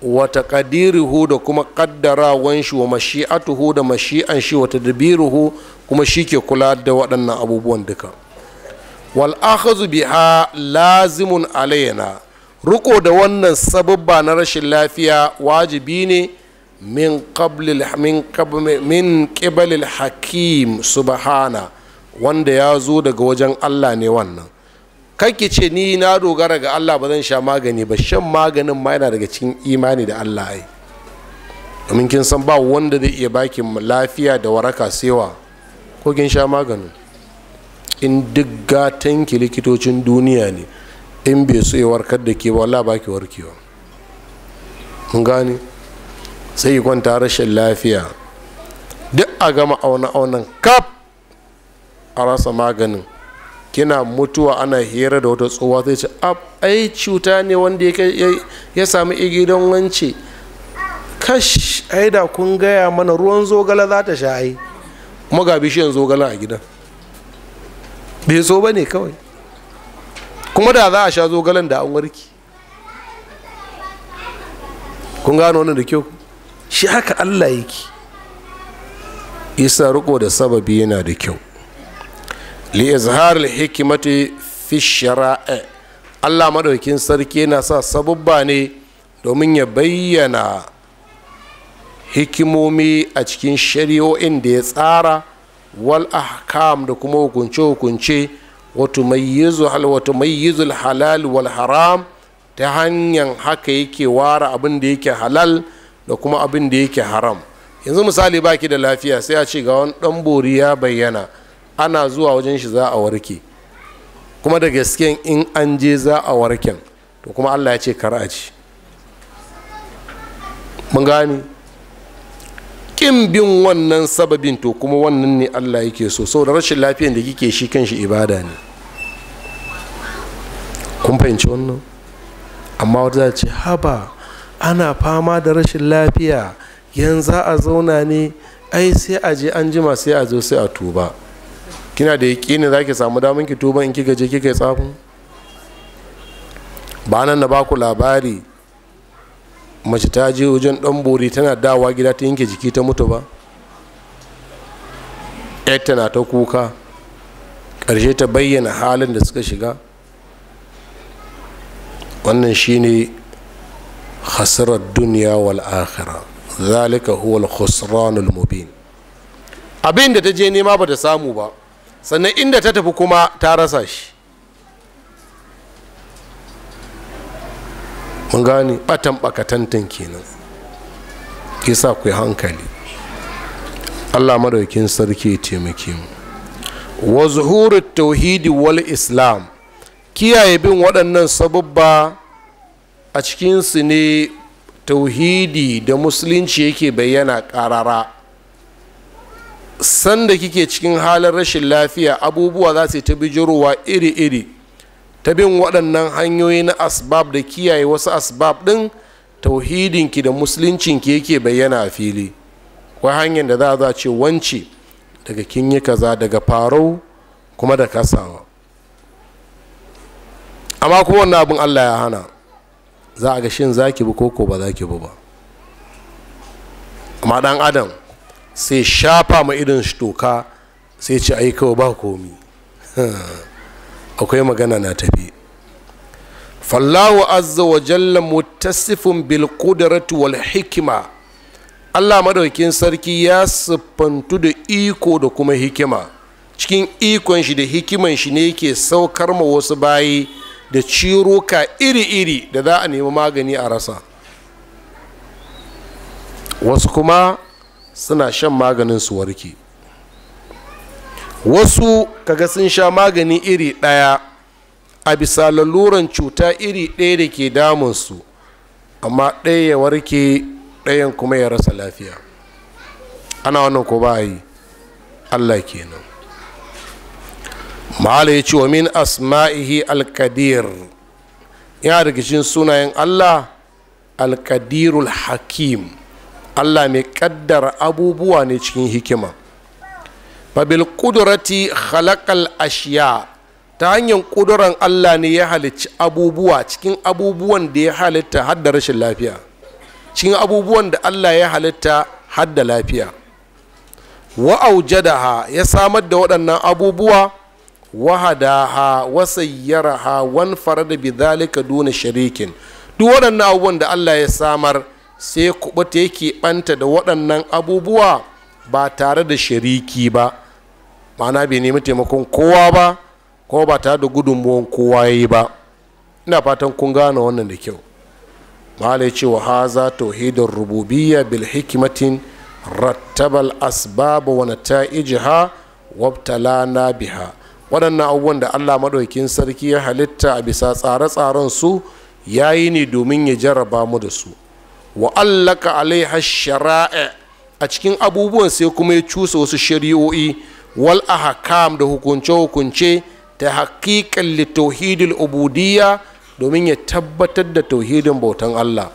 wata ƙadirihu da kuma ƙaddarawan shi wa mashi'atuhu da mashi'an shi wata dabiruhu kuma shi ke kula da waɗannan abubuwan duka wal akhadhu biha lazimun alaina riko da wannan sababba na rashin lafiya wajibi ne min qablil min min qibalil hakim subhana wanda ya zo daga wajen Allah ne wannan kake ce ni na dogara ga Allah ba zan sha magani ba shan maganin ma yana daga cikin imani da Allah ai domin kin san ba wanda zai iya baki lafiya da waraka sewa ko kin sha maganin in duk gatanki likitocin duniya ne in bai so ya warkar da ke wala ba ki warkewa mun gane sai kwanta rashin lafiya duk a gama auna aunan kaf a rasa maganin kina mutuwa ana hira da wata tsohuwa zai ce ai cuta ne wanda ya sami igidan wance kash ai da kun gaya mana ruwan zogala za ta sha ai kuma ga bishiyan zogala a gidan bai so ba ne kawai kuma da za a sha zogalen da an warki kun gano wani da kyau shi haka allah yake isa riko da sababi yana da kyau li izhar hikimati fi shara'a allah madaukin sarki yana sa sabubba ne domin ya bayyana hikimomi a cikin shari'o'in da ya tsara wal ahkam da kuma hukunce hukunce wato mayyizu hal wato mayyizul halal wal haram ta hanyar haka yake wara abin da yake halal da kuma abin da yake haram yanzu misali baki da lafiya sai a ce ga wani dan bori ya bayyana ana zuwa wajen shi za a warke kuma da gaske in an je za a warken to kuma allah ya ce kar a ci mun gani cikin bin wannan sababin to kuma wannan ne allah yake so sau da rashin lafiyan da kike shi kanshi ibada ne kun fahimci wannan amma wata za ce haba ana fama da rashin lafiya yanzu a zauna ne ai sai a je an jima sai a zo sai a tuba kina da yaƙini za ki samu damar ki tuba in kika je kika yi tsafin ba nan na ku labari mace ta je wajen dan bori tana dawa gida ta yanke jiki ta mutu ba yar tana ta kuka ƙarshe ta bayyana halin da suka shiga wannan shine hasarar duniya wal akhira zalika huwa al mubin abin da ta je nema ba ta samu ba sannan inda ta tafi kuma ta rasa shi mun gane batan bakatantan kenan yasa ku hankali allah madaukin sarki ya taimake mu wa zuhuru tauhidi wal islam kiyaye bin waɗannan sababba a cikinsu ne tauhidi da musulunci yake bayyana ƙarara sanda kike cikin halin rashin lafiya abubuwa za su ta bijirowa iri-iri ta bin waɗannan hanyoyi na asbab da kiyaye wasu asbab ɗin tauhidinki da musuluncinki yake bayyana a fili kwa hanyar da za a ce wance daga kin yi kaza daga farau kuma da kasawa amma kuma wannan abin allah ya hana za a ga shin za ki bi koko ba za ki bi ba amma ɗan adam sai shafa ma irin shi toka sai ce aikawa ba komi akwai magana na tafi fallahu azza wa jalla muttasifun bil qudrati wal hikima allah madaukin sarki ya siffantu da iko da kuma hikima cikin ikon shi da hikiman shi ne yake saukar ma wasu bayi da ciruka iri-iri da za a nemi magani a rasa wasu kuma suna shan maganin su warke wasu kaga sun sha magani iri ɗaya a bisa laluran cuta iri ɗaya da ke damunsu amma ɗaya ya warke ɗayan kuma ya rasa lafiya ana wannan ko ba yi allah kenan ma'ala ya ce wa min asma'ihi alkadir yana rikicin sunayen allah alkadirul hakim allah mai kaddara abubuwa ne cikin hikima fabil ƙudurati khalaqal ashiya ta hanyar ƙuduran allah ne ya halicci abubuwa cikin abubuwan da ya halitta hadda rashin lafiya cikin abubuwan da allah ya halitta hadda da lafiya wa'aujadaha ya samar da waɗannan abubuwa wahadaha wasayyaraha wan farada bi zalika duna shirikin duk waɗannan abubuwan da Allah ya samar sai kubuta yake ɓanta da waɗannan abubuwa ba tare da shiriki ba ma'ana bai nemi taimakon kowa ba ko ba tare da gudunmuwan kowa ya yi ba ina fatan kun gane wannan da kyau malai cewa haza tauhidin rububiyya bil hikimatin rattabal asbaba wa nata'ijiha na biha waɗannan abubuwan da allah maɗaukin sarki ya halitta a bisa tsare-tsaren su ya yi ne domin ya jarraba mu da su wa allaka alaiha shara'a a cikin abubuwan sai kuma ya cusa wasu shari'o'i wal ahkam da hukunce-hukunce ta haƙiƙan litohidul ubudiyya domin ya tabbatar da tauhidin bautan Allah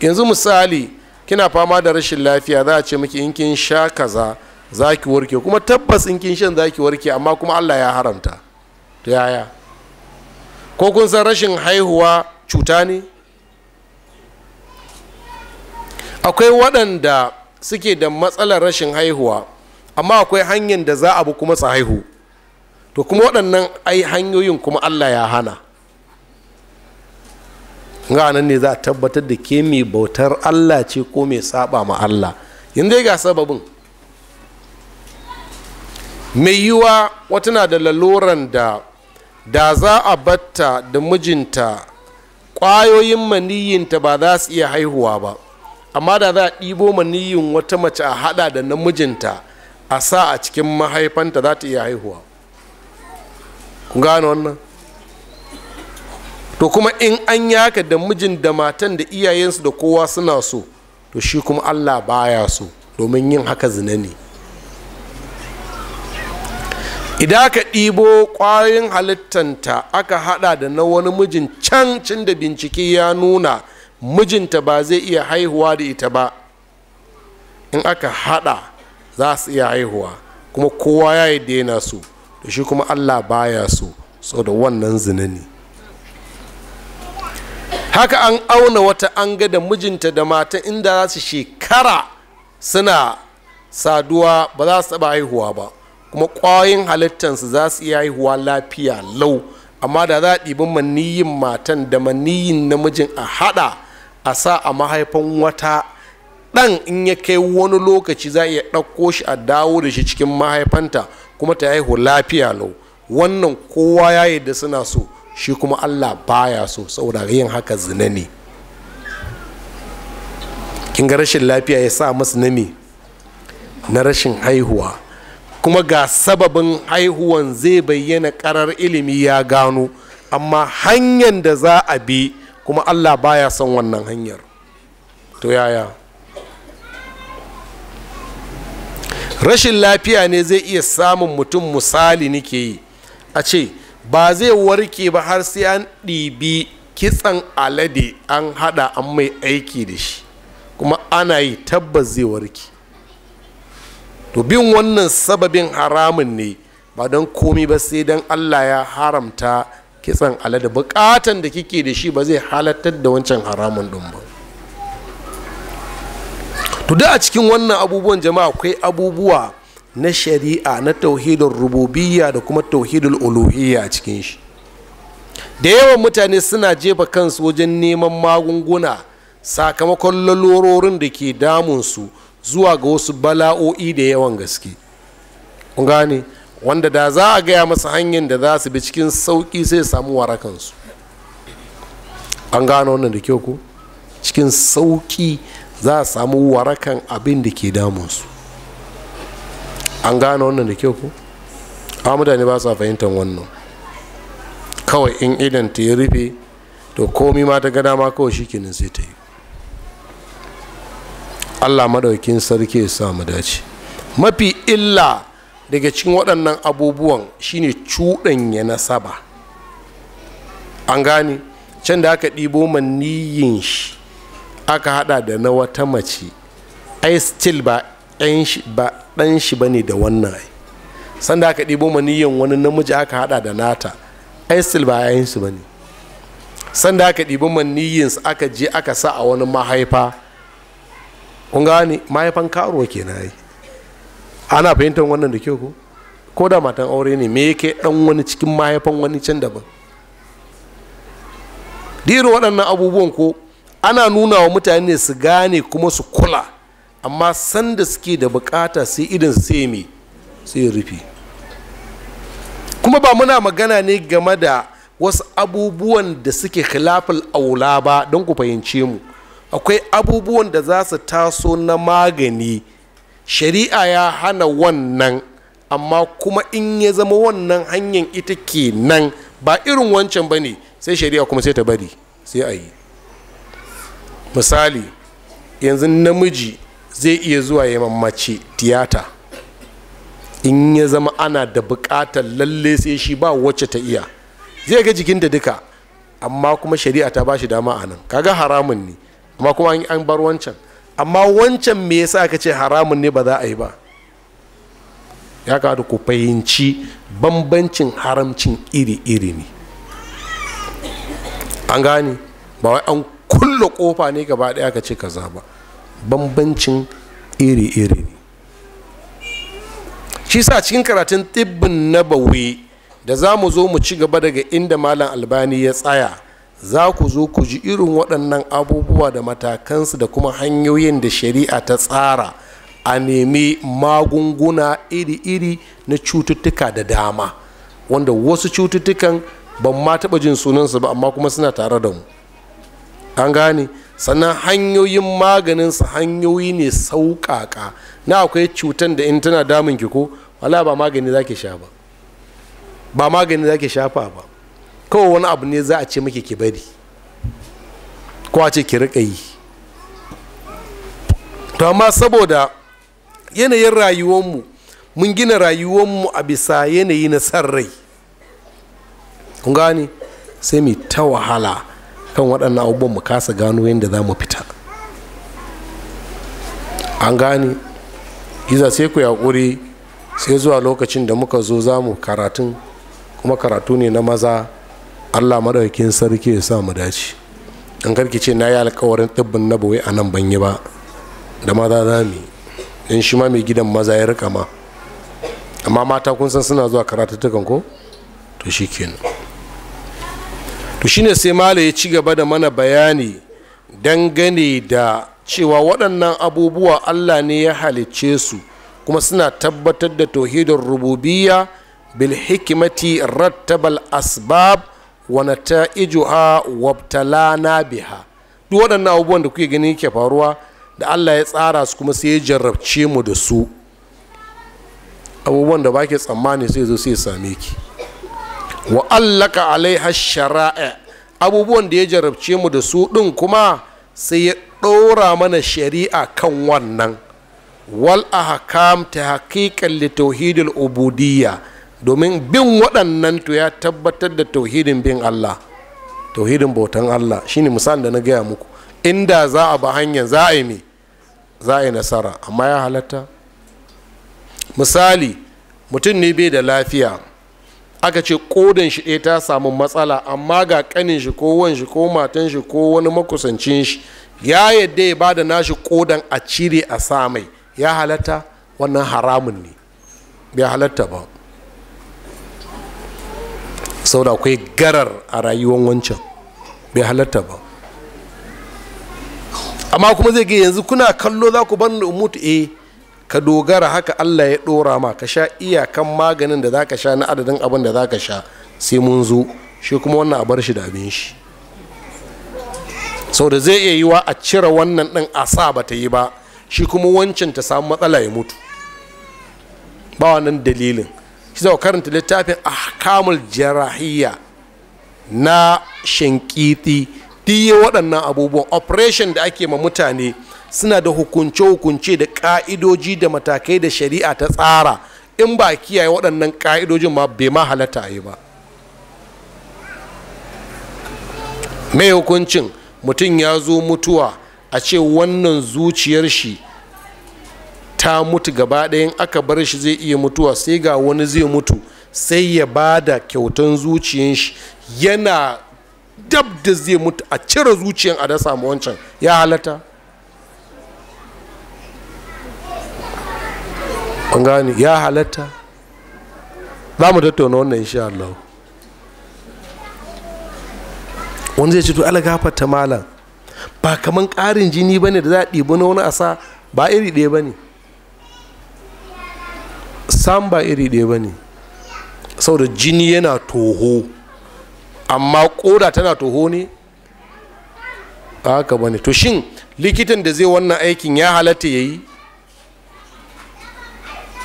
yanzu misali kina fama da rashin lafiya za a ce miki in kin sha kaza za ki warke kuma tabbas in kin shan za ki warke amma kuma Allah ya haramta to yaya ko kun san rashin haihuwa cuta ne akwai waɗanda suke da matsalar rashin haihuwa amma akwai hanyar da za a bi kuma haihu to kuma waɗannan ai hanyoyin kuma allah ya hana ga nan ne za a tabbatar da ke mai bautar allah ce ko mai saba ma allah yanzu ya ga sababin mai yiwa wata na da laluran da da za a batta da mijinta ƙwayoyin maniyinta ba za su iya haihuwa ba amma da za a ɗibo maniyin wata mace a haɗa da namijinta a sa a cikin mahaifanta za ta iya haihuwa ku gane wannan to kuma in an yaka da mijin da matan da iyayensu da kowa suna so to shi kuma allah baya so domin yin haka zina ne idan aka ɗibo ƙwayoyin halittanta aka hada da na wani mijin can cin da bincike ya nuna mijinta ba zai iya haihuwa da ita ba in aka hada za su iya haihuwa kuma kowa ya yi daina su da shi kuma allah baya su so da wannan zinani haka an auna wata an ga da mijinta da mata inda za su shekara suna saduwa ba za su taɓa haihuwa ba kuma kwayoyin halittansu za su iya haihuwa lafiya lau amma da za a ɗibi maniyin matan da maniyin namijin a haɗa a sa a mahaifin wata ɗan in ya kai wani lokaci za iya ɗauko shi a dawo da shi cikin mahaifanta kuma ta haihu lafiya lau wannan kowa ya yi da suna so shi kuma allah baya so saboda yin haka zina ne kin rashin lafiya ya sa masu nami na rashin haihuwa kuma ga sababin haihuwan zai bayyana karar ilimi ya gano amma hanyar da za a bi kuma allah baya son wannan hanyar to yaya rashin lafiya ne zai iya samun mutum misali nake yi a ce ba zai warke ba har sai an ɗibi kitsan alade an hada an mai aiki da shi kuma ana yi tabbas zai warke to bin wannan sababin haramun ne ba don komi ba sai don allah ya haramta kitsan alade bukatan da kike da shi ba zai halattar da wancan haramun ɗin ba to da a cikin wannan abubuwan jama'a akwai abubuwa na shari'a na tauhidin rububiyya da kuma tauhidin uluhiyya a cikin shi da yawan mutane suna jefa kansu wajen neman magunguna sakamakon lalurorin da ke damunsu zuwa ga wasu bala'o'i da yawan gaske gane wanda da za a gaya masa hanyar da za su bi cikin sauki sai samu warakansu an gano wannan da kyau ko cikin sauƙi za a samu warakan abin da ke damunsu an gane wannan da kyau ko a mutane ba sa fahimtar wannan kawai in idan ta yi rufe to komi ma ta ga dama kawai shi kenan sai ta yi allah madaukin sarki ya samu dace mafi illa daga cikin waɗannan abubuwan shine cuɗan ya nasaba an gane can da aka ɗibo maniyin shi aka hada da na wata mace ai still ba ɗan shi ba ne da wannan ai sanda aka ɗibo maniyan wani namiji aka hada da nata ai still ba yayin su ba ne sanda aka ɗibo su aka je aka sa a wani mahaifa kun ni mahaifan karuwa kenan ai ana fahimtar wannan da kyau ko ko da matan aure ne me yake dan wani cikin mahaifan wani can daban diru waɗannan abubuwan ko ana nuna wa mutane su gane kuma su kula amma sanda suke da bukata sai idan sai me sai rufe kuma ba muna magana ne game da wasu abubuwan da suke khilafin aula ba don ku fahimce mu akwai abubuwan da za su taso na magani shari'a ya hana wannan amma kuma in ya zama wannan hanyar ita ke nan ba irin wancan ba ne sai shari'a kuma sai ta bari sai a yi misali yanzu namiji zai iya zuwa ya mace tiyata in ya zama ana da bukatar lalle sai shi ba wacce ta iya zai ga jikin da duka amma kuma shari'a ta ba shi dama a nan kaga haramun ne amma kuma an bar wancan amma wancan me yasa aka ce haramun ne ba za a yi ba ya ka ku fahimci bambancin haramcin iri-iri ne an gane ba wai an kulle kofa ne gaba daya ka ce kaza ba bambancin iri-iri ne shi sa cikin karatun tibbin na bauwe da za mu zo mu ci gaba daga inda malam albani ya tsaya za ku zo ku ji irin waɗannan abubuwa da matakansu da kuma hanyoyin da shari'a ta tsara a nemi magunguna iri-iri na cututtuka da dama wanda wasu cututtukan ban ma taɓa jin sunansu ba amma kuma suna tare da mu an gane sannan hanyoyin maganinsa hanyoyi ne sauƙaƙa na akwai cutan da in tana damun ki ko wala ba magani za ki sha ba ba magani za ki shafa ba kawai wani abu ne za a ce miki ki bari ko a ce ki riƙa yi to amma saboda yanayin mu mun gina mu a bisa yanayi na san rai kun gane sai mu ta wahala kan waɗannan abubuwan mu kasa gano yadda za mu fita an gane iza sai ku yaƙuri sai zuwa lokacin da muka zo za mu karatun kuma karatu ne na maza allah maɗaukin sarki ya sa mu dace an karki ce na yi alkawarin tsibbin na bawai a nan ban ba da maza za mu in shi ma mai gidan maza ya rika ma amma mata kun san suna zuwa karatuttukan ko to shi kenan to shine sai mala ya ci gaba da mana bayani dangane da cewa waɗannan abubuwa allah ne ya halicce su kuma suna tabbatar da tauhidin rububiya bil hikimati rattabal asbab wa nata'ijuha wabtalana biha duk waɗannan abubuwan da kuke gani ke faruwa da allah ya tsara su kuma sai ya jarrabce mu da su abubuwan da ba ke tsammani sai zo sai same ki wa allaka alaiha shara'a abubuwan da ya jarabce mu da su ɗin kuma sai ya ɗora mana shari'a kan wannan wal ahkam ta haƙiƙan li tauhidul ubudiyya domin bin waɗannan to ya tabbatar da tauhidin bin Allah tauhidin bautan Allah shine misalin da na gaya muku inda za a ba hanyar za a yi me za a yi nasara amma ya halatta misali mutum ne bai da lafiya aka ce kodan shi ɗaya ta samu matsala amma ga kanin shi ko wan shi ko matan shi ko wani makusancin shi ya yadda ya bada nashi kodan a cire a sa mai ya halatta wannan haramun ne bai halatta ba da akwai garar a rayuwar wancan bai halatta ba amma kuma zai ga yanzu kuna kallo za ku bar mutu eh ka dogara haka allah ya ɗora ma ka sha iyakan maganin da za ka sha na adadin abin da za ka sha sai mun zo shi kuma wannan a bar shi da abin shi sau da zai iya yiwa a cire wannan ɗin a sa ba ta yi ba shi kuma wancan ta samu matsala ya mutu ba wannan dalilin shi zai karanta littafin a kamul jarahiyya na shinkiti diye waɗannan abubuwan operation da ake ma mutane suna da hukunce-hukunce da ka'idoji da matakai da shari'a ta tsara in ba kiyaye waɗannan ka'idojin ma bai ma halatta yi ba mai hukuncin mutum ya zo mutuwa a ce wannan zuciyar shi ta mutu gaba ɗaya in aka bar shi zai iya mutuwa sai ga wani zai mutu sai ya ba da kyautan zuciyar shi yana dab da zai mutu a cire zuciyar a da samu wancan ya halatta kun ya halatta za mu tattauna wannan insha Allah wanda zai ce to ala gafarta malam ba kaman ƙarin jini ba ne da za a ɗibi na wani asa ba iri ɗaya ba ne sam ba iri ɗaya ba ne saboda jini yana toho amma ƙoda tana toho ne ba haka ba ne to shin likitan da zai wannan aikin ya halatta ya yi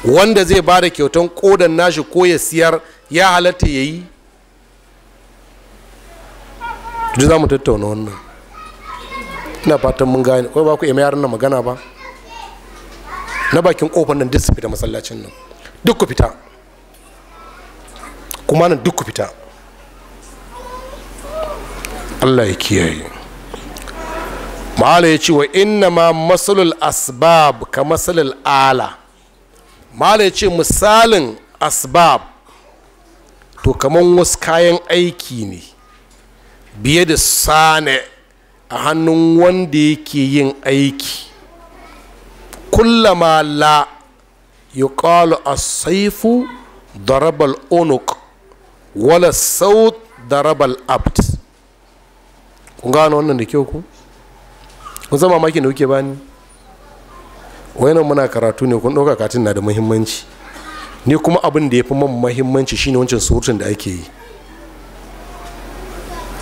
wanda zai ba da kyautan kodan nashi ko ya siyar ya halatta ya yi ji za mu tattauna wannan ina fatan mun gane kawai ba ku ime yaran na magana ba na bakin kofar nan duk su fita masallacin nan duk ku fita kuma nan duk ku fita allah ya kiyaye ma'ala ya ce wa inna ma masalul asbab ka masalul ala malai ce misalin asbab to kamar wasu kayan aiki ne biye da sane a hannun wanda yake yin aiki kullama la ya yuqalu a saifu darabal unuk wala saut darabal abd kun gano wannan da kyau ku kun zama makin da kuke bani wainan muna karatu ne kun ɗauka katin na da muhimmanci ni kuma abin da ya fi man muhimmanci shine wancan surutun da ake yi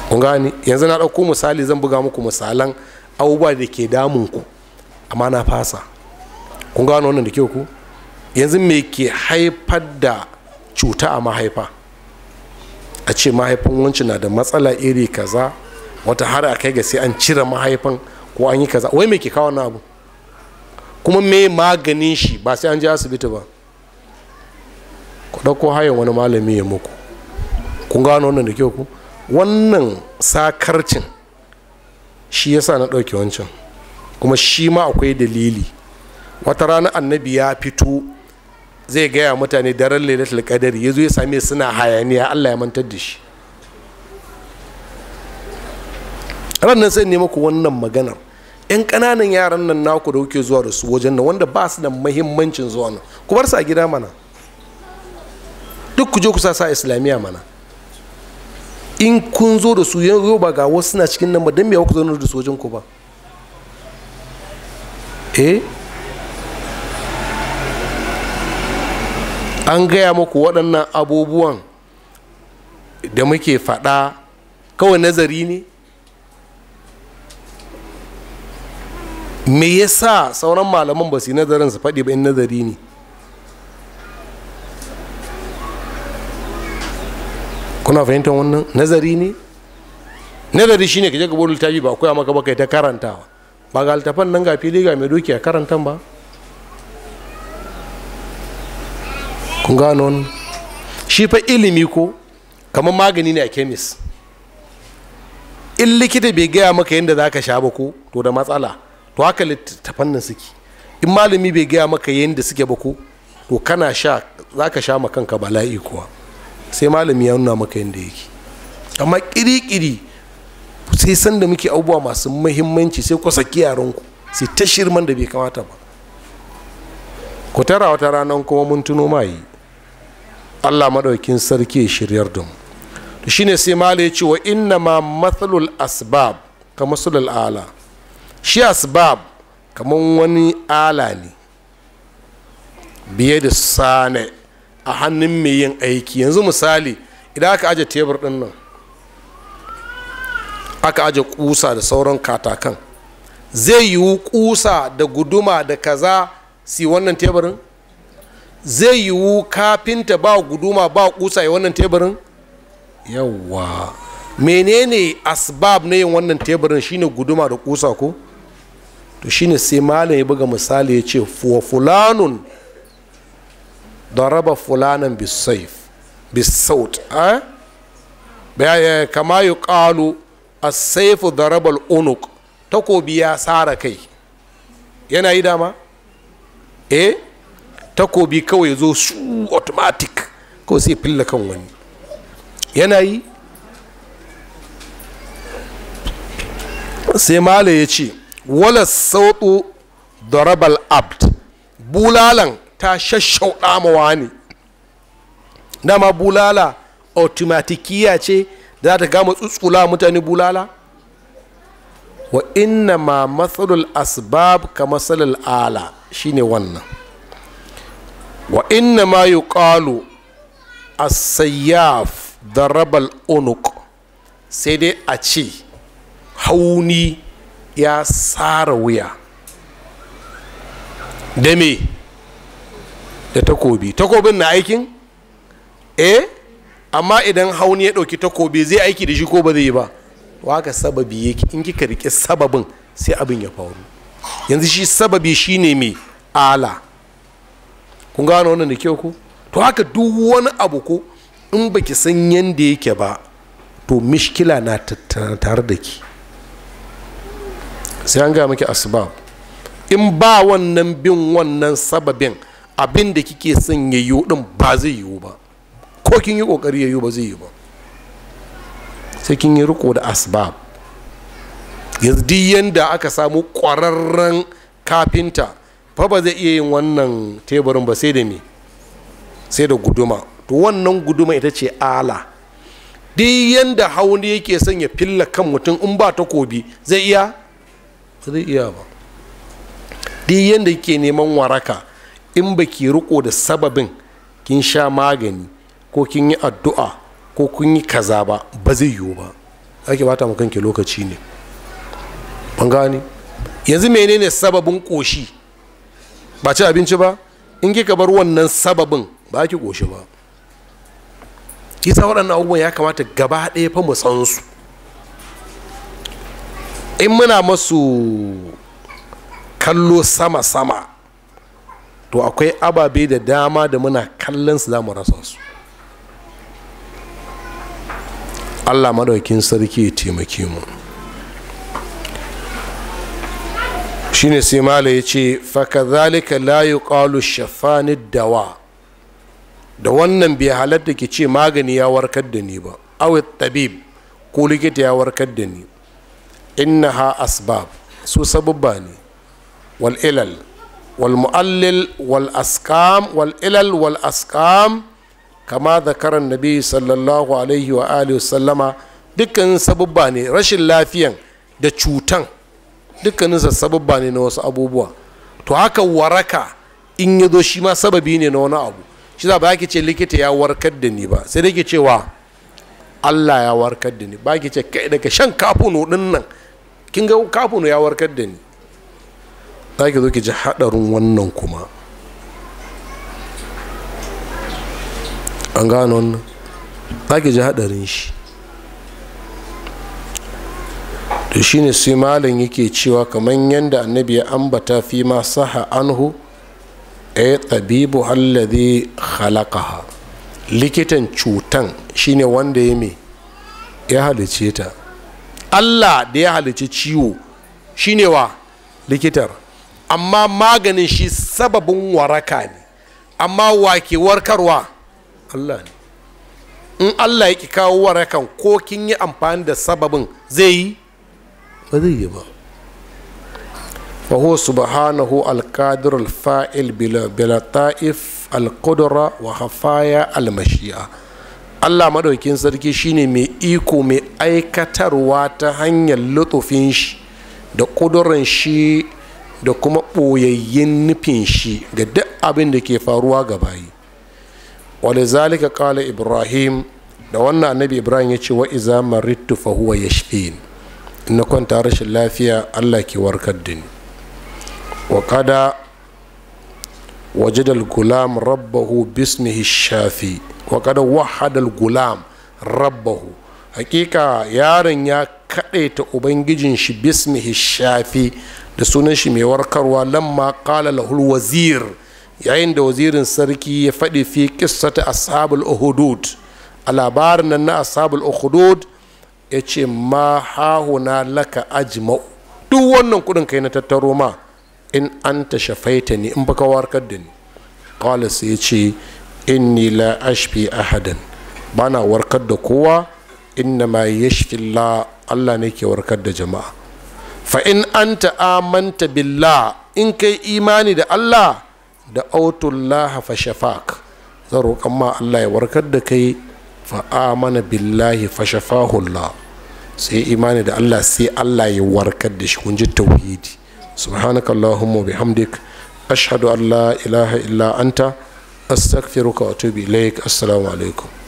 kun gane yanzu na ɗauko misali zan buga muku misalan abubuwa da ke damun ku amma na fasa kun gane wannan da kyau ku yanzu me ke haifar da cuta a mahaifa a ce mahaifin wancan na da matsala iri kaza wata har a kai ga sai an cire mahaifin ko an yi kaza wai me ke kawo na abu kuma me maganin shi ba sai an je asibiti ba ku ɗauko hayan wani malami ya muku kun gano wannan da kyau ku wannan sakarcin shi yasa na ɗauke wancan kuma shi ma akwai dalili wata rana annabi ya fito zai gaya mutane daren lailatul qadari ya zo ya same suna hayaniya allah ya mantar da shi ranar sai ne muku wannan maganar yan ƙananan yaran nan naku da kuke zuwa da su wajen nan wanda ba su da mahimmancin zuwa nan ku bar su a gida mana duk ku je ku sa sa islamiyya mana in kun zo da su yan ba ga wasu suna cikin nan ba don me ku zo da su wajen ku ba eh an gaya muku waɗannan abubuwan da muke faɗa kawai nazari ne me yasa sauran malaman ba su yi nazarin su faɗi ba in nazari ne kuna fahimtar wannan nazari ne nazari shine ka je ka bolo littafi ba koya maka ba kai ta karantawa ba ga altafan nan ga fili ga mai doki a karantan ba kun gano wannan shi fa ilimi ko kamar magani ne a kemis in likita bai gaya maka yadda za ka sha ba ko to da matsala to haka littattafan nan suke in malami bai gaya maka yadda suke ba ko to kana sha za ka sha kanka bala'i kuwa sai malami ya nuna maka yadda yake amma kirikiri sai sanda muke abubuwa masu muhimmanci sai ku saki yaranku sai ta shirman da bai kamata ba ku tara wata ranar kuma mun tuno mai allah maɗaukin sarki ya shiryar da mu to shine sai malai ya ce wa inna ma matsalul asbab ka matsalul ala shi asbab kamar wani ala ne biye da sane a hannun mai yin aiki yanzu misali idan aka aje tebur din nan aka aje kusa da sauran katakan zai yiwu kusa da guduma da kaza si wannan teburin zai yiwu kafinta ba guduma ba kusa yi wannan teburin yawwa menene asbab na yin wannan teburin shine guduma da kusa ko to shine sai malam ya buga misali ya ce fuwa fulanun don raba fulanan bisaif bisaut eh? kama yi kalu a saifu da rabal unuk takobi ya tsara kai yana yi dama eh takobi kawai ya zo su automatic kawai sai filla kan wani yana yi sai mala ya ce wala sautu darabal abd bulalan ta shashauɗa mawa ne dama bulala automatikiya ce da za ta gama tsutsula mutane bulala wa inna ma matsalul asbab ka matsalul ala shine wannan wa inna ma yi ƙalu a sayyaf da rabal unuk sai dai a ce hauni ya tsara wuya da me da takobi takobin na aikin eh amma idan hauni ya ɗauki takobi zai aiki da shi ko ba zai yi ba waka sababi yake in kika rike sababin sai abin ya faru yanzu shi sababi shine mai ala kun gano wannan da kyau ko to haka duk wani abu ko in baki san yanda yake ba to mishkila na tattara da ki sai an gaya maki asbab in ba wannan bin wannan sababin abin da kike son ya yiwu din ba zai yiwu ba ko kin yi kokari ya yiwu ba zai yiwu ba sai kin yi riko da asbab yanzu duk yanda aka samu ƙwararren kafinta fa ba zai iya yin wannan teburin ba sai da me sai da guduma to wannan guduma ita ce ala duk yanda hauni yake son ya filla kan mutum in ba takobi zai iya ba zai ba duk yadda ke neman waraka in ba ki riko da sababin kin sha magani ko kin yi addu'a ko kun yi kaza ba ba zai yiwu ba ake bata mu kanki lokaci ne ban gane yanzu menene sababin koshi ba ci abinci ba in kika bar wannan sababin ba ki koshi ba kisa waɗannan abubuwan ya kamata gaba ɗaya fa mu san su in muna masu kallo sama-sama to akwai ababe da dama da muna kallon su za mu rasa su allah madaukin sarki ya taimake mu shine sai mala ya ce fakazalika la yuqalu shafani dawa da wannan bai halatta ki ce magani ya warkar da ni ba awit tabib ko likita ya warkar da ni innaha asbab su sabubba ne wal ilal wal mu'allil wal askam wal ilal wal askam kama karan nabi sallallahu alaihi wa alihi sallama dukkanin sabubba ne rashin lafiyan da cutan dukkaninsa sabubba ne na wasu abubuwa to haka waraka in ya zo shi ma sababi ne na wani abu shi za ba ya ce likita ya warkar da ni ba sai da ke cewa Allah ya warkar da ni ba ki ce kai daga shan kafuno din nan kin ga kafuno ya warkar da ni za ki zo ki ji hadarin wannan kuma an gano wannan za ki ji hadarin shi to shine sai malam yake cewa kamar yadda annabi ya ambata fi ma saha anhu ay tabibu alladhi khalaqaha likitan cutan shine wanda ya me ya halice ta allah da ya halice ciwo shine wa likitar amma maganin shi sababin waraka ne amma wake warkarwa allah ne in allah ya ki kawo warakan ko kin yi amfani da sababin zai yi ba zai yi ba فهو سبحانه القادر الفائل بلا, bila ta'if alƙudura wa hafaya almashi'a allah maɗaukin sarki shine mai iko mai aikatarwa ta hanyar lutufin shi da ƙuduran shi da kuma ɓoyayyen nufin shi ga duk abin da ke faruwa ga bayi wale zalika kala ibrahim da wannan annabi ibrahim ya ce wa iza marittu fa huwa yashfin in na kwanta rashin lafiya allah ke warkar da ni wa kada وجد الغلام ربه باسمه الشافي وقد وحد الغلام ربه حقيقة يارن يا كأيت أبنجين شي باسمه da sunan shi mai warkarwa lamma qala wazir yayin da wazirin sarki ya faɗi fi qissati ashabul uhudud a labarin nan na ashabul uhudud ya ce ma hahuna laka ajma'u duk wannan kudin kai na tattaro ma in anta shafaita ni in baka warkar da ni qala sai ya ce ni la ashfi ahadan bana warkar da kowa inna ma yashfi Allah Allah ne ke warkar da jama'a fa in anta amanta billah in kai imani da Allah da autullaha fa shafak zan roƙan ma Allah ya warkar da kai fa amana billahi fa shafahu sai imani da Allah sai Allah ya warkar da shi kun ji tauhidi subhanaka allahumma bihamdik ashhadu an allah ilaha illa anta astaghfiruka wa atubu ilaik assalamu alaikum